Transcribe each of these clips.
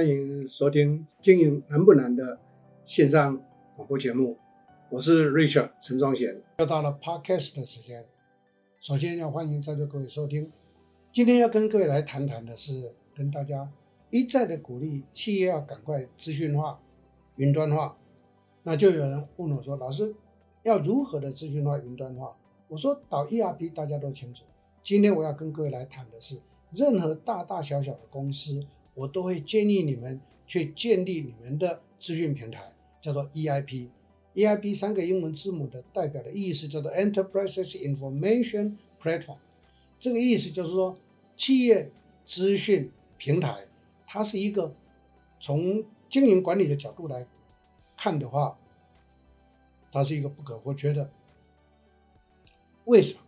歡迎收聽《經營難不難》的線上廣播節目，我是 Richard 陳宗賢。又到了 Podcast 的時間，首先要歡迎在座各位收聽。今天要跟各位來談談的是，跟大家一再的鼓勵企業要趕快資訊化、雲端化。那就有人問我說：“老師，要如何的資訊化、雲端化？”我說：“導 ERP 大家都清楚。”今天我要跟各位來談的是，任何大大小小的公司，我都會建議你們去建立你們的資訊平台，叫做 EIP。EIP 三個英文字母的代表的意思叫做 Enterprise Information Platform，這個意思就是說企業資訊平台，它是一個從經營管理的角度來看的話，它是一個不可或缺的。為什麼？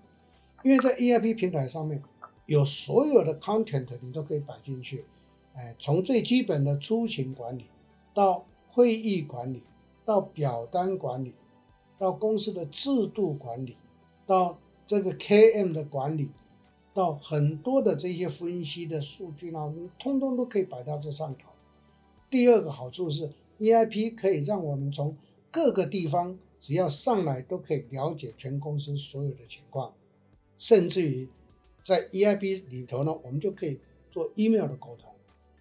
因為在 EIP 平台上面有所有的 content，你都可以擺進去。哎，從最基本的出勤管理，到會議管理，到表單管理，到公司的制度管理，到這個 KM 的管理，到很多的這些分析的數據呢，我們通通都可以擺到這上頭。第二個好處是，EIP 可以讓我們從各個地方只要上來都可以了解全公司所有的情況，甚至於在 EIP 裡頭呢，我們就可以做 Email 的溝通。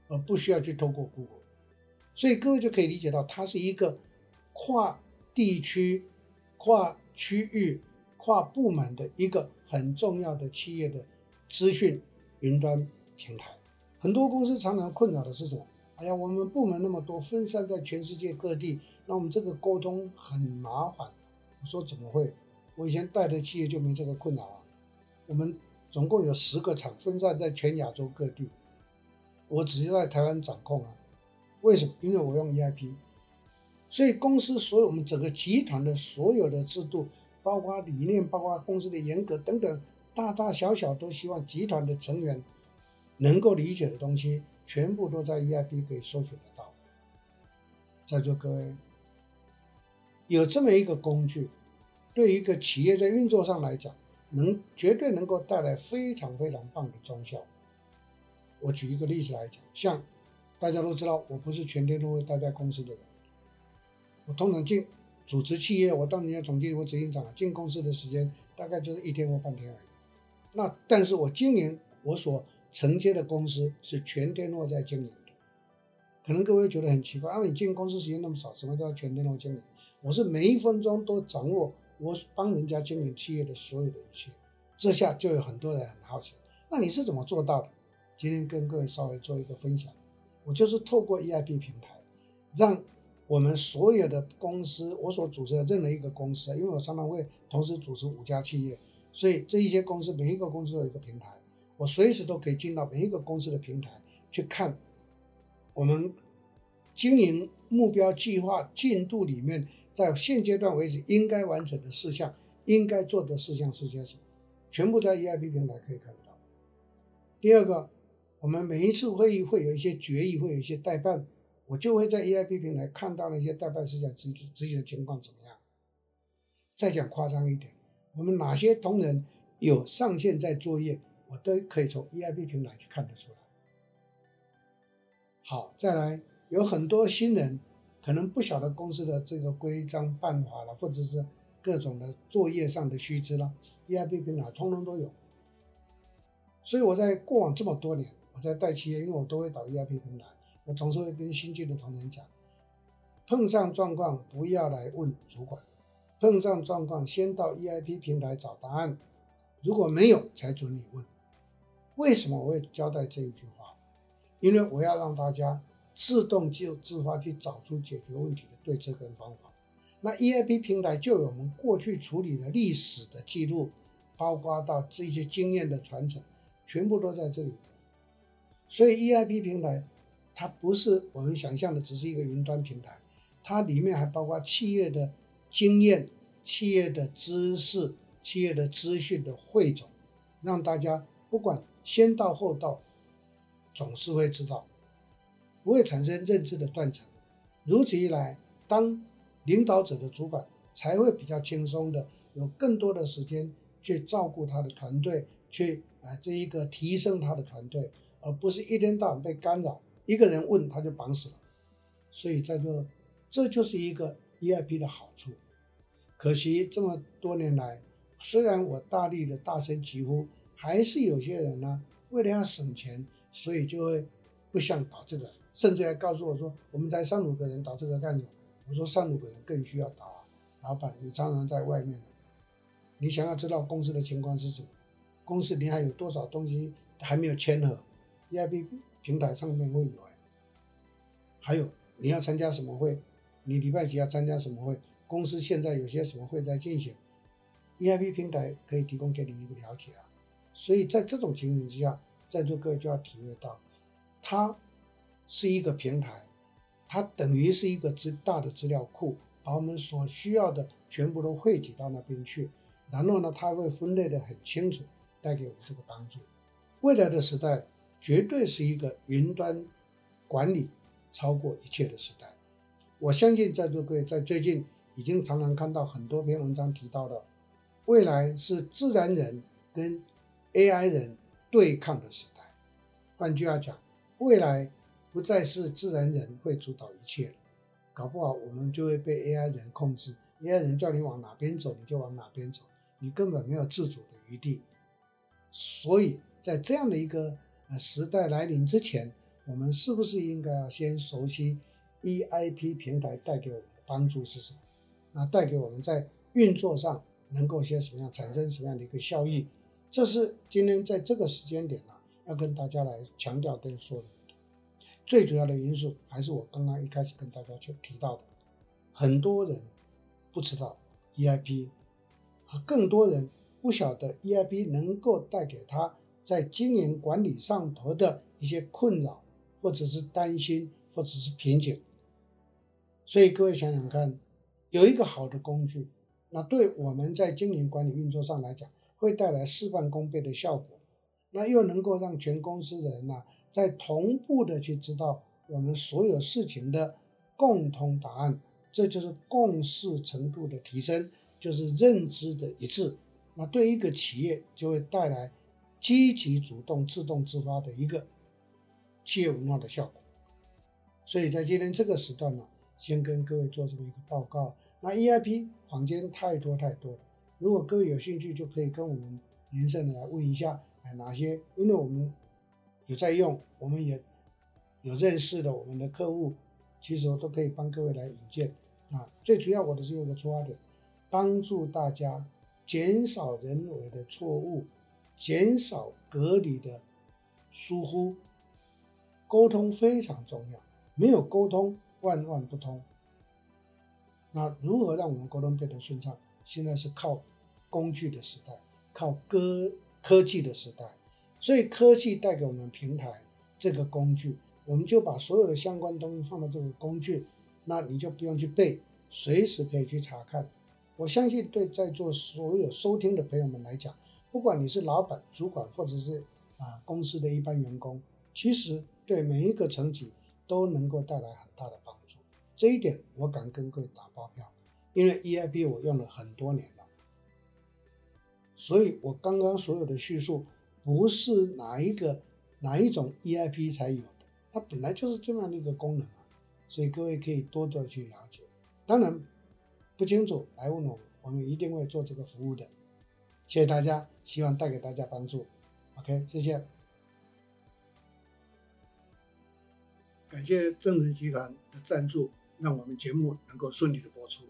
而不需要去通過 Google，所以各位就可以理解到，它是一個跨地區、跨區域、跨部門的一個很重要的企業的資訊雲端平台。很多公司常常困擾的是什麼？哎呀，我們部門那麼多，分散在全世界各地，那我們這個溝通很麻煩。我說怎麼會？我以前帶的企業就沒這個困擾啊。我們總共有十個廠，分散在全亞洲各地。我只是在台灣掌控啊。為什麼？因為我用 EIP，所以公司所有我們整個集團的所有的制度，包括理念，包括公司的嚴格等等，大大小小都希望集團的成員能夠理解的東西，全部都在 EIP 可以搜尋得到。在座各位有這麼一個工具，對一個企業在運作上來講，能絕對能夠帶來非常非常棒的成效。我舉一個例子來講，像大家都知道，我不是全天都會待在公司的人。我通常進主持企業，我當人家總經理或執行長進公司的時間大概就是一天或半天而已。那但是我今年我所承接的公司是全天候在經營的，可能各位覺得很奇怪，啊，你進公司時間那麼少，什麼叫全天候在經營？我是每一分鐘都掌握我幫人家經營企業的所有的一切。這下就有很多人很好奇，那你是怎麼做到的？今天跟各位稍微做一個分享，我就是透過 EIP 平台，讓我們所有的公司，我所主持的任何一個公司，因為我常常會同時主持五家企業，所以這一些公司每一個公司都有一個平台，我隨時都可以進到每一個公司的平台去看我們經營目標計劃進度裡面，在現階段為止應該完成的事項，應該做的事項是些什麼，全部在 EIP 平台可以看得到。第二個。我們每一次會議會有一些決議，會有一些代辦，我就會在 EIP 平台看到那些代辦事項執執行的情況怎麼樣。再講誇張一點，我們哪些同仁有上線在作業，我都可以從 EIP 平台去看得出來。好，再來，有很多新人可能不曉得公司的這個規章辦法了，或者是各種的作業上的須知了，EIP 平台通通都有。所以我在過往這麼多年，在帶企業，因為我都會導 EIP 平台，我總是會跟新進的同仁講：碰上狀況不要來問主管，碰上狀況先到 EIP 平台找答案，如果沒有才准你問。為什麼我會交代這一句話？因為我要讓大家自動就自發去找出解決問題的對策跟方法。那 EIP 平台就有我們過去處理的歷史的記錄，包括到這些經驗的傳承，全部都在這裡。所以，EIP 平台它不是我們想象的，只是一個雲端平台。它裡面還包括企業的經驗、企業的知識、企業的資訊的匯總，讓大家不管先到後到，總是會知道，不會產生認知的斷層。如此一來，當領導者的主管才會比較輕鬆的，有更多的時間去照顧他的團隊，去啊、呃、這一個提升他的團隊。而不是一天到晚被干擾，一個人問他就綁死了，所以這個這就是一個 EIP 的好處。可惜這麼多年來，雖然我大力的大聲疾呼，還是有些人呢、啊，為了要省錢，所以就會不想導這個，甚至還告訴我說：“我們才三五個人導這個幹什麼？”我說：“三五個人更需要導，啊！”老闆，你常常在外面，你想要知道公司的情況是什麼？公司你還有多少東西還沒有簽核。EIP 平台上面會有，欸還有你要參加什麼會，你禮拜幾要參加什麼會，公司現在有些什麼會在進行，EIP 平台可以提供給你一個了解啊。所以在這種情形之下，在座各位就要體會到，它是一個平台，它等於是一個資大的資料庫，把我們所需要的全部都匯集到那邊去，然後呢，它會分類得很清楚，帶給我們這個幫助。未來的時代。絕對是一個雲端管理超過一切的時代。我相信在座各位在最近已經常常看到很多篇文章提到的，未來是自然人跟 AI 人對抗的時代。換句話講，未來不再是自然人會主導一切，搞不好我們就會被 AI 人控制。AI 人叫你往哪邊走，你就往哪邊走，你根本沒有自主的餘地。所以在這樣的一個。時代來臨之前，我們是不是應該要先熟悉 EIP 平台帶給我們的幫助是什麼？那帶給我們在運作上能夠些什麼樣，產生什麼樣的一個效益？這是今天在這個時間點呢、啊，要跟大家來強調跟說明的。最主要的因素還是我剛剛一開始跟大家去提到的，很多人不知道 EIP，和更多人不曉得 EIP 能夠帶給他。在經營管理上頭的一些困擾，或者是擔心，或者是瓶頸，所以各位想想看，有一個好的工具，那對我們在經營管理運作上來講，會帶來事半功倍的效果。那又能夠讓全公司的人呢、啊，在同步的去知道我們所有事情的共同答案，這就是共識程度的提升，就是認知的一致。那對一個企業就會帶來。積極主動、自動自發的一個企業文化的效果。所以在今天這個時段呢，先跟各位做這麼一個報告。那 EIP，房間太多太多，如果各位有興趣，就可以跟我們連線來問一下，哎，哪些？因為我們有在用，我們也有認識的我們的客戶，其實我都可以幫各位來引薦。啊，最主要我的是一個出發點，幫助大家減少人為的錯誤。減少隔離的疏忽。溝通非常重要，沒有溝通，萬萬不通。那如何讓我們溝通變得順暢？現在是靠工具的時代，靠科科技的時代，所以科技帶給我們平台這個工具，我們就把所有的相關東西放到這個工具，那你就不用去背，隨時可以去查看。我相信對在座所有收聽的朋友們來講。不管你是老闆、主管，或者是啊公司的一般員工，其實對每一個層級都能夠帶來很大的幫助。這一點我敢跟各位打包票，因為 EIP 我用了很多年了。所以我剛剛所有的敘述不是哪一個哪一種 EIP 才有的，它本來就是這樣的一個功能啊。所以各位可以多多去了解。當然不清楚來問我，我們一定會做這個服務的。謝謝大家，希望帶給大家幫助。OK，謝謝。感謝正直集團的贊助，讓我們節目能夠順利的播出。